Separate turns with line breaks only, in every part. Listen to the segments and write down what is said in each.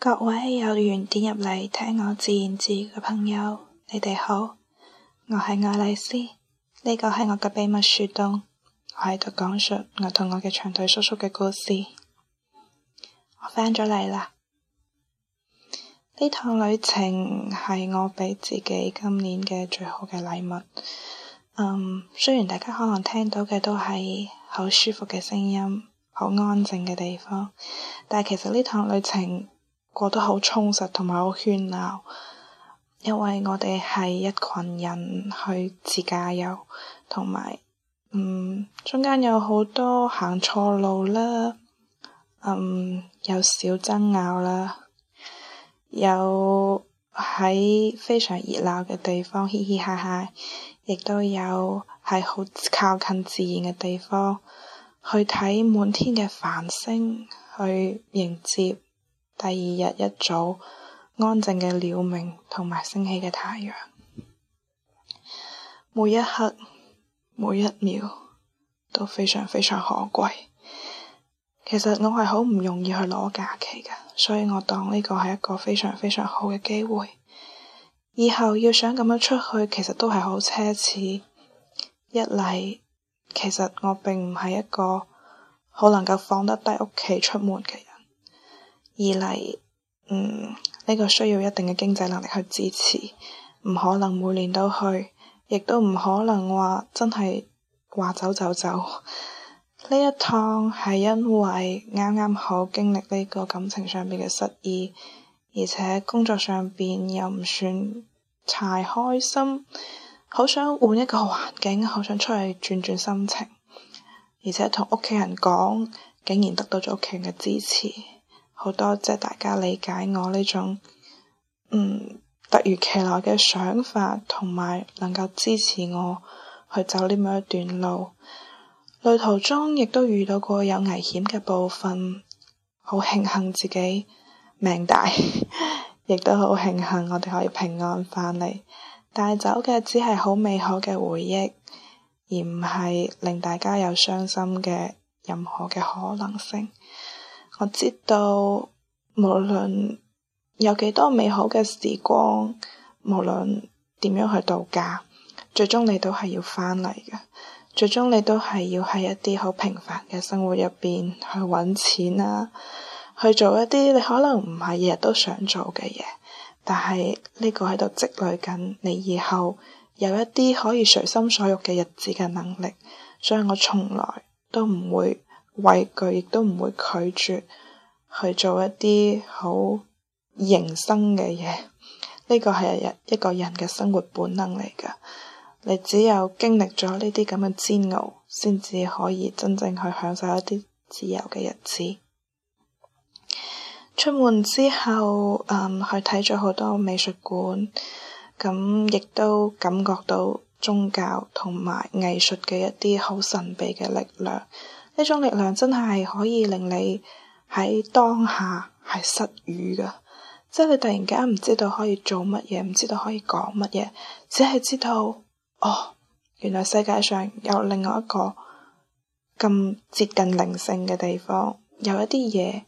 各位有緣點入嚟聽我自言自語嘅朋友，你哋好，我係愛麗絲，呢個係我嘅秘密樹洞，我喺度講述我同我嘅長腿叔叔嘅故事。我返咗嚟啦，呢趟旅程係我畀自己今年嘅最好嘅禮物。嗯，雖然大家可能聽到嘅都係好舒服嘅聲音、好安靜嘅地方，但係其實呢趟旅程，覺得好充實，同埋好喧鬧，因為我哋係一群人去自駕遊，同埋，嗯，中間有好多行錯路啦，嗯有小爭拗啦，有喺非常熱鬧嘅地方嘻嘻哈哈，亦都有係好靠近自然嘅地方去睇滿天嘅繁星，去迎接，第二日一早，安靜嘅鳥鳴同埋升起嘅太陽，每一刻、每一秒都非常非常可貴。其實我係好唔容易去攞假期㗎，所以我當呢個係一個非常非常好嘅機會。以後要想咁樣出去，其實都係好奢侈。一嚟，其實我並唔係一個好能夠放得低屋企出門嘅人。二嚟，嗯，呢個需要一定嘅經濟能力去支持，唔可能每年都去，亦都唔可能話真係話走就走。呢一趟係因為啱啱好經歷呢個感情上邊嘅失意，而且工作上邊又唔算太開心，好想換一個環境，好想出去轉轉心情，而且同屋企人講，竟然得到咗屋企人嘅支持。好多謝大家理解我呢種嗯突如其來嘅想法，同埋能夠支持我去走呢咁樣一段路。旅途中亦都遇到過有危險嘅部分，好慶幸自己命大，亦 都好慶幸我哋可以平安翻嚟。帶走嘅只係好美好嘅回憶，而唔係令大家有傷心嘅任何嘅可能性。我知道，無論有幾多美好嘅時光，無論點樣去度假，最終你都係要翻嚟嘅。最終你都係要喺一啲好平凡嘅生活入邊去揾錢啦，啊，去做一啲你可能唔係日日都想做嘅嘢，但係呢個喺度積累緊你以後有一啲可以隨心所欲嘅日子嘅能力。所以我從來都唔會畏懼亦都唔會拒絕去做一啲好迎生嘅嘢，呢個係一一個人嘅生活本能嚟㗎。你只有經歷咗呢啲咁嘅煎熬，先至可以真正去享受一啲自由嘅日子。出門之後，嗯，去睇咗好多美術館，咁亦都感覺到宗教同埋藝術嘅一啲好神秘嘅力量。呢種力量真係可以令你喺當下係失語㗎，即係你突然間唔知道可以做乜嘢，唔知道可以講乜嘢，只係知道哦，原來世界上有另外一個咁接近靈性嘅地方，有一啲嘢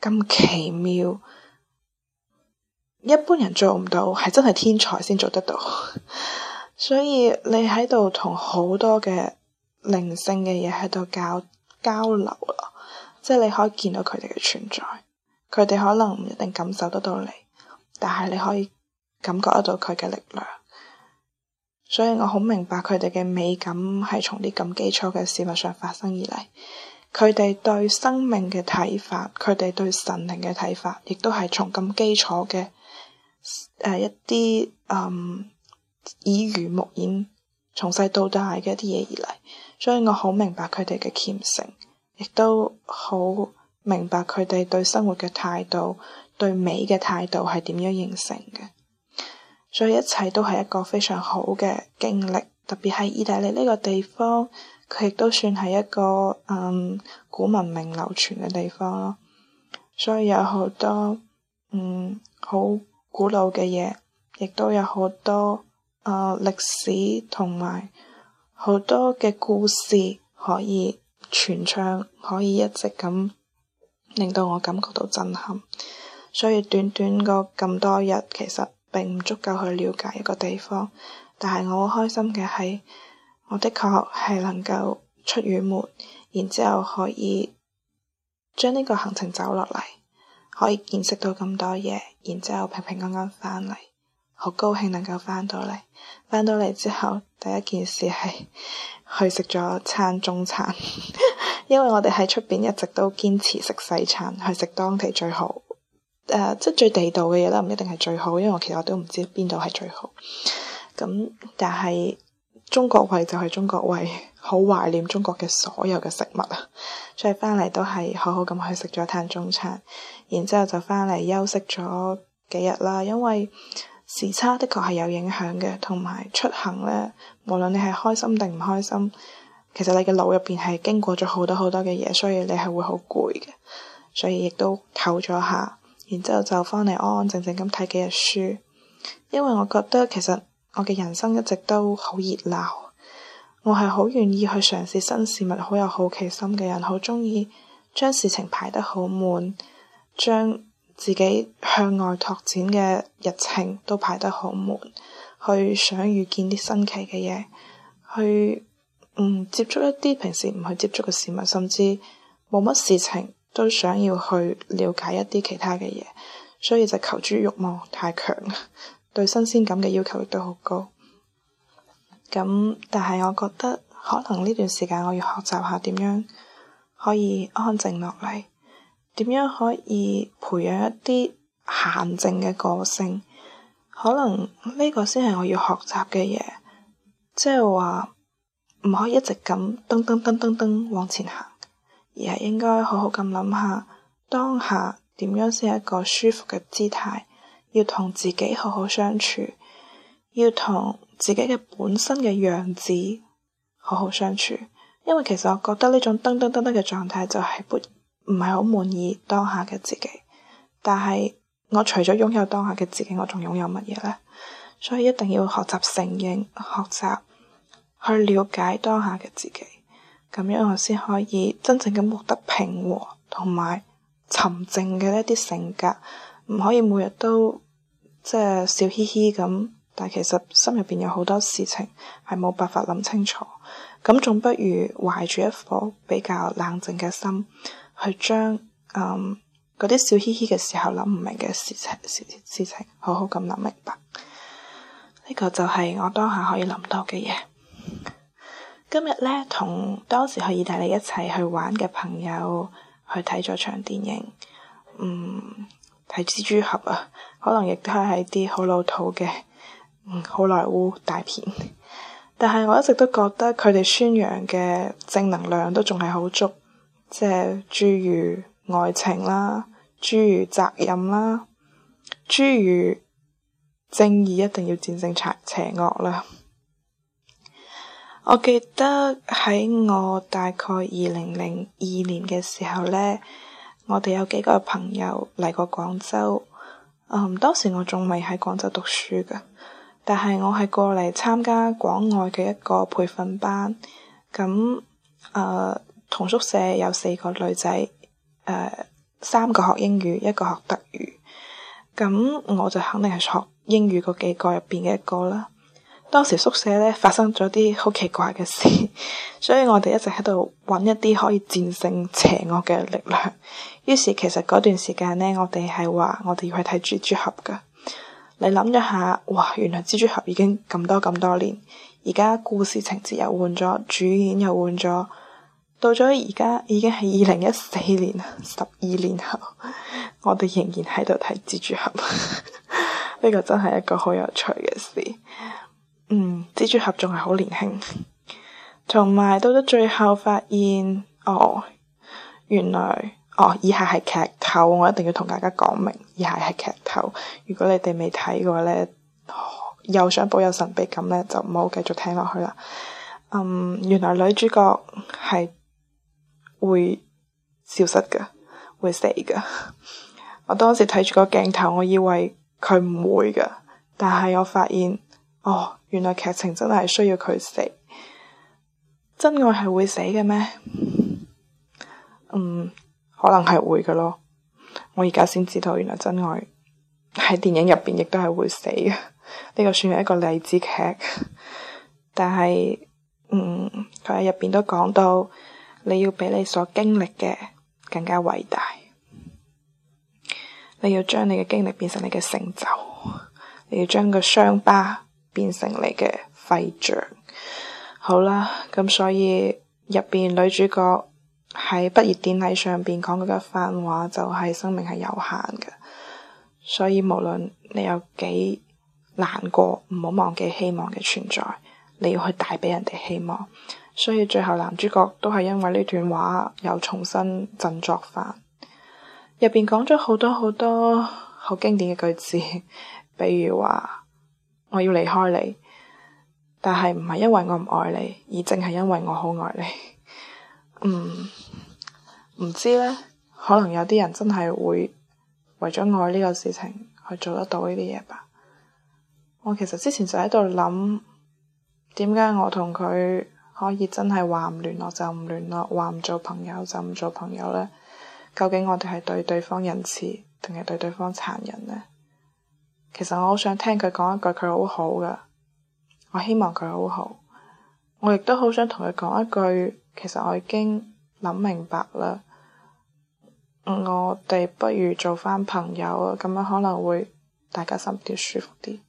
咁奇妙，一般人做唔到，係真係天才先做得到。 所以你喺度同好多嘅。靈性嘅嘢喺度交交流咯，即係你可以見到佢哋嘅存在，佢哋可能唔一定感受得到你，但係你可以感覺得到佢嘅力量。所以我好明白佢哋嘅美感係從啲咁基礎嘅事物上發生而嚟。佢哋對生命嘅睇法，佢哋對神靈嘅睇法，亦都係從咁基礎嘅誒一啲嗯耳濡目染，從細到大嘅一啲嘢而嚟。所以我好明白佢哋嘅虔誠，亦都好明白佢哋對生活嘅態度、對美嘅態度係點樣形成嘅。所以一切都係一個非常好嘅經歷，特別係意大利呢個地方，佢亦都算係一個嗯古文明流傳嘅地方咯。所以有好多嗯好古老嘅嘢，亦都有好多啊、呃、歷史同埋。好多嘅故事可以傳唱，可以一直咁令到我感覺到震撼。所以短短個咁多日，kind of days, 其實並唔足夠去了解一個地方。但係我好開心嘅係，我的確係能夠出遠門，然之後可以將呢個行程走落嚟，可以見識到咁多嘢，然之後平平安安翻嚟。That 好高興能夠翻到嚟，翻到嚟之後第一件事係去食咗餐中餐， 因為我哋喺出邊一直都堅持食西餐，去食當地最好，誒、呃、即係最地道嘅嘢啦，唔一定係最好，因為我其實我都唔知邊度係最好。咁但係中國胃就係中國胃，好懷念中國嘅所有嘅食物啊！所以翻嚟都係好好咁去食咗餐中餐，然之後就翻嚟休息咗幾日啦，因為。時差的確係有影響嘅，同埋出行呢，無論你係開心定唔開心，其實你嘅腦入邊係經過咗好多好多嘅嘢，所以你係會好攰嘅。所以亦都唞咗下，然之後就翻嚟安安靜靜咁睇幾日書，因為我覺得其實我嘅人生一直都好熱鬧，我係好願意去嘗試新事物，好有好奇心嘅人，好鍾意將事情排得好滿，將。自己向外拓展嘅日程都排得好滿，去想遇見啲新奇嘅嘢，去嗯接觸一啲平時唔去接觸嘅事物，甚至冇乜事情都想要去了解一啲其他嘅嘢，所以就求知欲望太強， 對新鮮感嘅要求亦都好高。咁但係我覺得可能呢段時間我要學習下點樣可以安靜落嚟。點樣可以培養一啲閒靜嘅個性？可能呢個先係我要學習嘅嘢，即係話唔可以一直咁噔噔噔噔噔往前行，而係應該好好咁諗下當下點樣先係一個舒服嘅姿態，要同自己好好相處，要同自己嘅本身嘅樣子好好相處，因為其實我覺得呢種噔噔噔噔嘅狀態就係，是。唔係好滿意當下嘅自己，但係我除咗擁有當下嘅自己，我仲擁有乜嘢呢？所以一定要學習承認，學習去了解當下嘅自己，咁樣我先可以真正咁獲得平和同埋沉靜嘅一啲性格。唔可以每日都即係笑嘻嘻咁，但係其實心入邊有好多事情係冇辦法諗清楚，咁仲不如懷住一顆比較冷靜嘅心。去將嗰啲、嗯、小嘻嘻嘅時候諗唔明嘅事情，事情，事情，事情好好咁諗明白。呢、呢個就係我當下可以諗到嘅嘢。今日呢，同當時去意大利一齊去玩嘅朋友去睇咗場電影，嗯，睇蜘蛛俠啊，可能亦都係啲好老土嘅好萊塢大片，但係我一直都覺得佢哋宣揚嘅正能量都仲係好足。即係諸如愛情啦，諸如責任啦，諸如正義一定要戰勝邪邪惡啦。我記得喺我大概二零零二年嘅時候咧，我哋有幾個朋友嚟過廣州，嗯，當時我仲未喺廣州讀書噶，但係我係過嚟參加廣外嘅一個培訓班，咁、嗯，誒、呃。同宿舍有四個女仔，誒、呃，三個學英語，一個學德語。咁我就肯定係學英語嗰幾個入邊嘅一個啦。當時宿舍咧發生咗啲好奇怪嘅事，所以我哋一直喺度揾一啲可以戰勝邪惡嘅力量。於是其實嗰段時間咧，我哋係話我哋要去睇蜘蛛俠噶。你諗一下，哇，原來蜘蛛俠已經咁多咁多年，而家故事情節又換咗，主演又換咗。到咗而家，已經係二零一四年，十二年後，我哋仍然喺度睇蜘蛛俠，呢 個真係一個好有趣嘅事。嗯，蜘蛛俠仲係好年輕。同埋到咗最後發現，哦，原來，哦，以下係劇透，我一定要同大家講明，以下係劇透。如果你哋未睇過咧，哦，又想保有神秘感咧，就唔好繼續聽落去啦。嗯，原來女主角係，會消失㗎，會死㗎。 我當時睇住個鏡頭，我以為佢唔會㗎，但係我發現，哦，原來劇情真係需要佢死。真愛係會死嘅咩？嗯，可能係會嘅咯。我而家先知道，原來真愛喺電影入邊亦都係會死嘅。呢 個算係一個勵志劇，但係，嗯，佢喺入邊都講到。你要比你所經歷嘅更加偉大，你要將你嘅經歷變成你嘅成就，你要將個傷疤變成你嘅徽章。好啦，咁所以入邊女主角喺畢業典禮上邊講嗰句番話，就係生命係有限嘅，所以無論你有幾難過，唔好忘記希望嘅存在，你要去帶俾人哋希望。所以最後男主角都係因為呢段話又重新振作翻。入邊講咗好多好多好經典嘅句子，比如話我要離開你，但係唔係因為我唔愛你，而淨係因為我好愛你。嗯，唔知咧，可能有啲人真係會為咗愛呢個事情去做得到呢啲嘢吧。我其實之前就喺度諗，點解我同佢可以真係話唔聯絡就唔聯絡，話唔做朋友就唔做朋友呢。究竟我哋係對對方仁慈，定係對對方殘忍呢？其實我好想聽佢講一句佢好好噶，我希望佢好好。我亦都好想同佢講一句，其實我已經諗明白啦。我哋不如做翻朋友，咁樣可能會大家心跳舒服啲。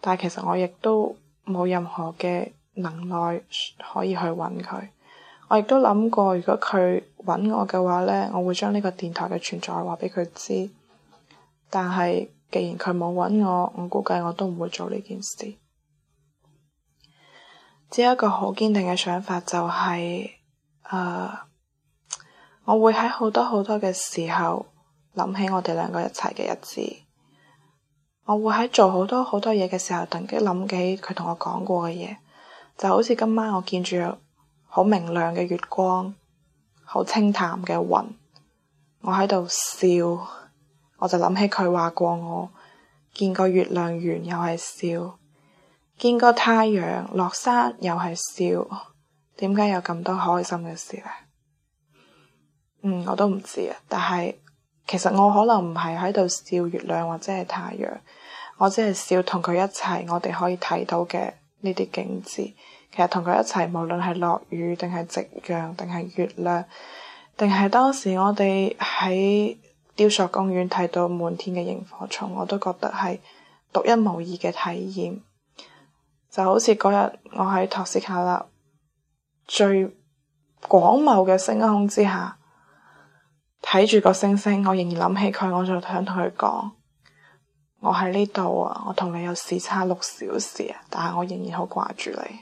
但係其實我亦都冇任何嘅。能耐可以去揾佢，我亦都諗過，如果佢揾我嘅話呢，我會將呢個電台嘅存在話俾佢知。但係既然佢冇揾我，我估計我都唔會做呢件事。只有一個好堅定嘅想法，就是，就係誒，我會喺好多好多嘅時候諗起我哋兩個一齊嘅日子。我會喺做好多好多嘢嘅時候，突然間諗起佢同我講過嘅嘢。就好似今晚我見住好明亮嘅月光，好清淡嘅雲，我喺度笑，我就諗起佢話過我，見過月亮圓又係笑，見過太陽落山又係笑，點解有咁多開心嘅事咧？嗯，我都唔知啊。但係其實我可能唔係喺度笑月亮或者係太陽，我只係笑同佢一齊，我哋可以睇到嘅。呢啲景致其實同佢一齊，無論係落雨定係夕陽，定係月亮，定係當時我哋喺雕塑公園睇到滿天嘅螢火蟲，我都覺得係獨一無二嘅體驗。就好似嗰日我喺托斯卡納最廣袤嘅星空之下睇住個星星，我仍然諗起佢，我就想同佢講。我喺呢度啊！我同你有時差六小時啊，但係我仍然好掛住你。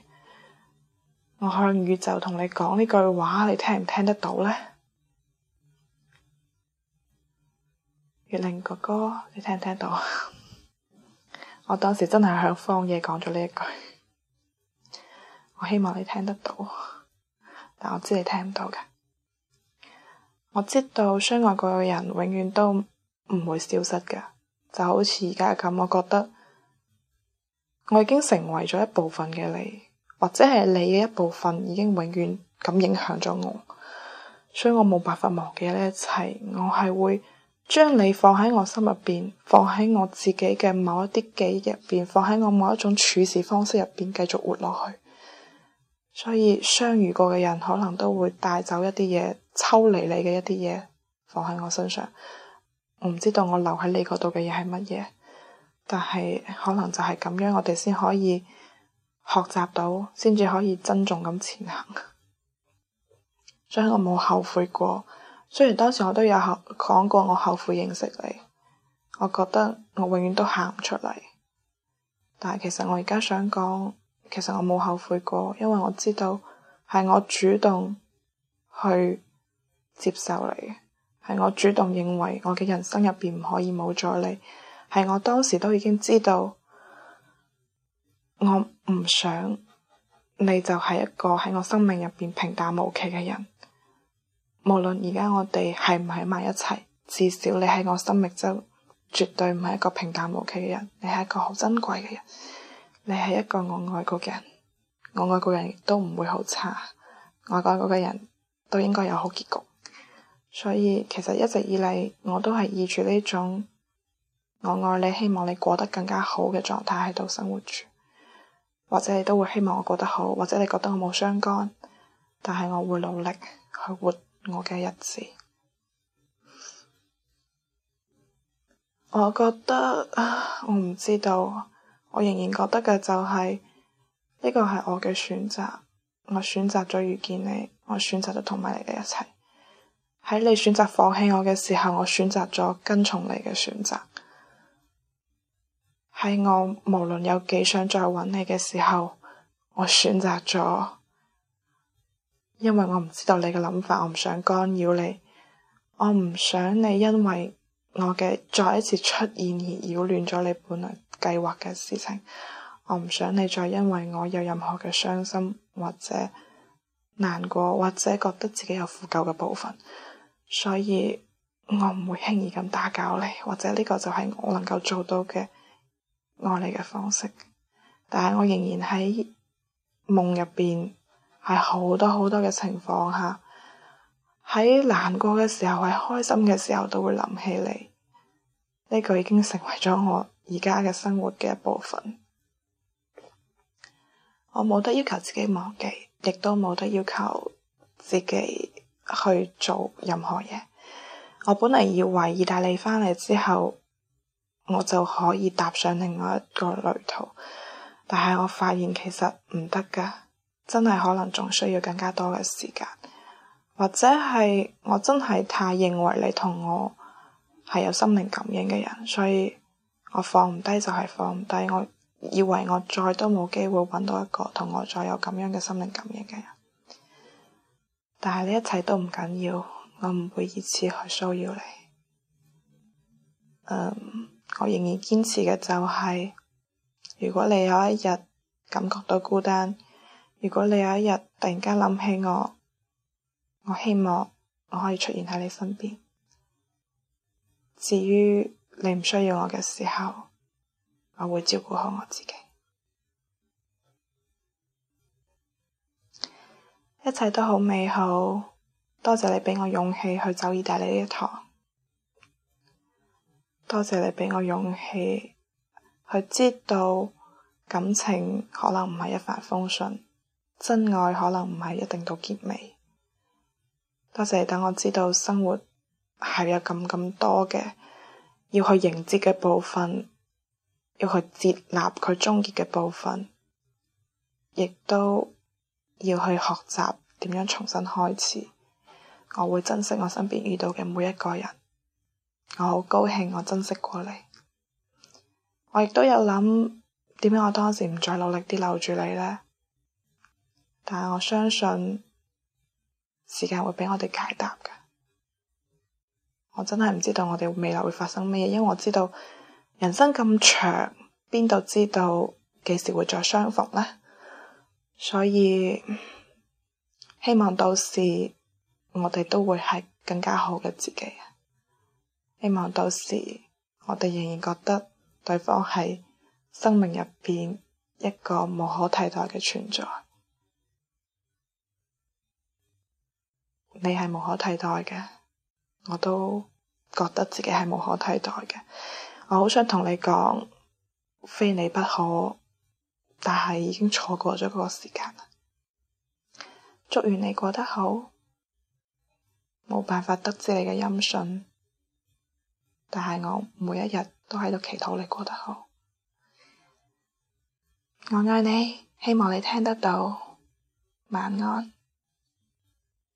我向宇宙同你講呢句話，你聽唔聽得到呢？月亮哥哥，你聽唔聽到？ 我當時真係向荒野講咗呢一句，我希望你聽得到，但我知你聽唔到噶。我知道相愛過嘅人永遠都唔會消失噶。就好似而家咁，我覺得我已經成為咗一部分嘅你，或者係你嘅一部分已經永遠咁影響咗我，所以我冇辦法忘記呢一切。我係會將你放喺我心入邊，放喺我自己嘅某一啲記憶入邊，放喺我某一種處事方式入邊，繼續活落去。所以相遇過嘅人，可能都會帶走一啲嘢，抽離你嘅一啲嘢，放喺我身上。我唔知道我留喺你嗰度嘅嘢係乜嘢，但係可能就係咁樣，我哋先可以學習到，先至可以珍重咁前行。 所以，我冇後悔過。雖然當時我都有後講過我後悔認識你，我覺得我永遠都喊唔出嚟。但係其實我而家想講，其實我冇後悔過，因為我知道係我主動去接受你。係我主動認為，我嘅人生入邊唔可以冇咗你。係我當時都已經知道，我唔想你就係一個喺我生命入邊平淡無奇嘅人。無論而家我哋係唔喺埋一齊，至少你喺我生命中絕對唔係一個平淡無奇嘅人。你係一個好珍貴嘅人，你係一個我愛過嘅人。我愛過人都唔會好差，我愛過嘅人都應該有好結局。所以其實一直以嚟，我都係以住呢種我愛你，希望你過得更加好嘅狀態喺度生活住。或者你都會希望我過得好，或者你覺得我冇相干，但係我會努力去活我嘅日子。我覺得啊，我唔知道，我仍然覺得嘅就係呢個係我嘅選擇，我選擇咗遇見你，我選擇咗同埋你嘅一切。喺你選擇放棄我嘅時候，我選擇咗跟從你嘅選擇。喺我無論有幾想再揾你嘅時候，我選擇咗，因為我唔知道你嘅諗法，我唔想干擾你，我唔想你因為我嘅再一次出現而擾亂咗你本來計劃嘅事情。我唔想你再因為我有任何嘅傷心或者難過，或者覺得自己有負疚嘅部分。所以我唔會輕易咁打攪你，或者呢個就係我能夠做到嘅愛你嘅方式。但係我仍然喺夢入邊喺好多好多嘅情況下，喺難過嘅時候，喺開心嘅時候都會諗起你。呢個已經成為咗我而家嘅生活嘅一部分。我冇得要求自己忘記，亦都冇得要求自己。去做任何嘢。我本嚟以為意大利翻嚟之後，我就可以踏上另外一個旅途，但係我發現其實唔得㗎，真係可能仲需要更加多嘅時間，或者係我真係太認為你同我係有心靈感應嘅人，所以我放唔低就係放唔低。我以為我再都冇機會揾到一個同我再有咁樣嘅心靈感應嘅人。但係呢一切都唔緊要，我唔會以此去騷擾你。Um, 我仍然堅持嘅就係，如果你有一日感覺到孤單，如果你有一日突然間諗起我，我希望我可以出現喺你身邊。至於你唔需要我嘅時候，我會照顧好我自己。一切都好美好，多謝你畀我勇氣去走意大利呢一趟，多謝你畀我勇氣去知道感情可能唔係一帆風順，真愛可能唔係一定到結尾。多謝你等我知道生活係有咁咁多嘅要去迎接嘅部分，要去接納佢終結嘅部分，亦都。要去學習點樣重新開始，我會珍惜我身邊遇到嘅每一個人，我好高興我珍惜過你，我亦都有諗點解我當時唔再努力啲留住你呢？但係我相信時間會俾我哋解答噶，我真係唔知道我哋未來會發生咩嘢，因為我知道人生咁長，邊度知道幾時會再相逢呢？所以希望到時我哋都會係更加好嘅自己。希望到時我哋仍然覺得對方係生命入邊一個無可替代嘅存在。你係無可替代嘅，我都覺得自己係無可替代嘅。我好想同你講，非你不可。但係已經錯過咗嗰個時間啦。祝願你過得好，冇辦法得知你嘅音訊，但係我每一日都喺度祈禱你過得好。我愛你，希望你聽得到。晚安。